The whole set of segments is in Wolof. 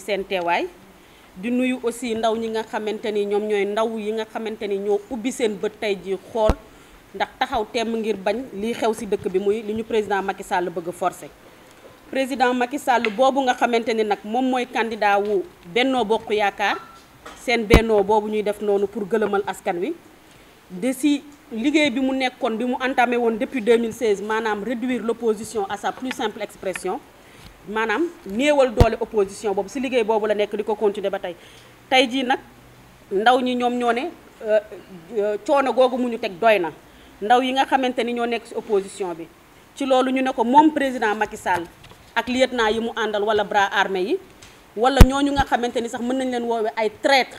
seen teewaay di nuyu aussi ndaw ñi nga xamante ni ñoom ñooy ndaw yi nga xamante ni ñoo ubbi seen bët tey ji xool ndax taxaw temm ngir bañ lii xew ci dëkk bi muy li ñu président Macky Sall bëgg a président Macky Sall boobu nga xamante ni nag moom mooy candidat wu Benno Bokk Yaakaar seen bennoo boobu ñuy def noonu pour gëlëmal askan wi de si liggéey bi mu nekkoon bi mu entamé woon depuis 2016 maanaam réduire l'opposition à sa plus simple expression maanaam néewal doole opposition boobu si liggéey boobu la nekk di ko continuer ba tey tey jii nag ndaw ñi ñoom ñoo ne euh, euh, coono googu mu ñu teg doy na ndaw yi nga xamante ni ñoo nekk si opposition bi ci loolu ñu ne ko moom président Macky Sall ak lieutenant yi mu àndal wala bras armé yi wala ñooñu nga xamante ni sax mën nañ leen woowee ay traître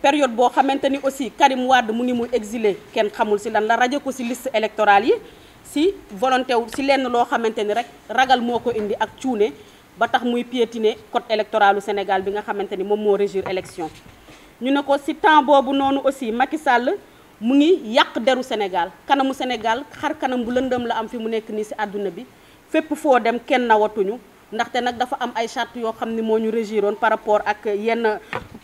période bo xamanteni aussi Karim Wade mu ngi mu exilé ken xamul si lan la radio ko ci liste électorale yi si volonté si lenn lo xamanteni rek ragal moko indi ak ciuné ba tax muy piétiner code du Sénégal bi nga xamanteni mom mo régir élection ñu ne ko temps bobu nonu aussi Macky Sall mu ngi yàq deru Sénégal kanamu Sénégal xar kanam bu lëndëm la am fi mu nekk ni ci aduna bi fep fo dem ken nawatuñu ndaxte nak dafa am ay charte yo xamni mo ñu régiron par rapport ak yenn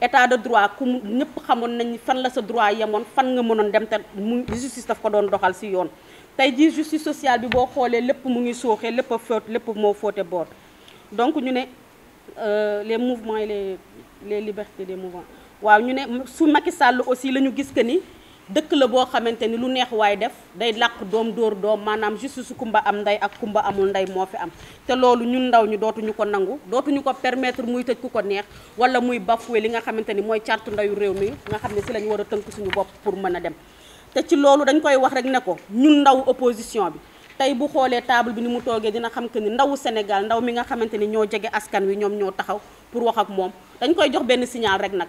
état de droit ku mu xamoon nañ fan la sa droit yemoon fan nga mënon dem te justice daf ko doon doxal ci yoon tay ji justice sociale bi bo xolé lepp mu ngi soxé lepp a lepp mo foté fóote donc ñu né euh les mouvements et les les libertés des mouvements waaw ñu né su Macky Sall aussi lañu gis que ni dëkk la boo xamante ni lu neex waay def day làq doom dóor doom maanaam juste su kumba am ndey ak kumba amul ndey moo fi am te loolu ñun ndaw ñi dootuñu ko nangu dootuñu ko permettre muy tëj ku ko neex wala muy bafoué li nga xamante ni mooy cartu ndayu réew mi nga xam ne si lañu war a tënk suñu bopp pour mën a dem te ci loolu dañ koy wax rek ne ko ñun ndaw opposition bi tey bu xoolee table bi ni mu toogee dina xam que ni ndawu Sénégal ndaw mi nga xamante ni ñoo jege askan wi ñoom ñoo taxaw pour wax ak moom dañ koy jox benn signal rek nag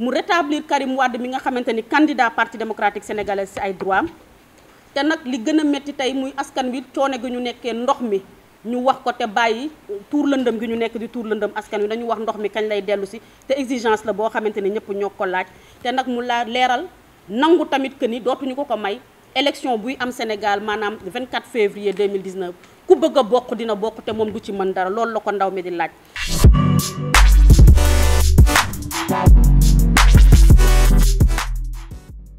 mu rétablir Karim Wade mi nga xamanteni candidat parti démocratique sénégalais ci ay droit té nak li gëna metti tay muy askan wi coone gi ñu nekkee ndox mi ñu wax ko té bayyi tour lëndëm gi ñu nekk di tour lëndëm askan wi dañu wax ndox mi kañ lay déllu ci té exigence la bo xamanteni ni ñëpp ñoo laaj té nak mu léral leeral nangu tamit que ni dootu ñuko ko may élection buy am Sénégal manam 24 février 2019 ku bëgg bokk dina bokk té mom du ci mën dara loolu la ko ndaw mi di laaj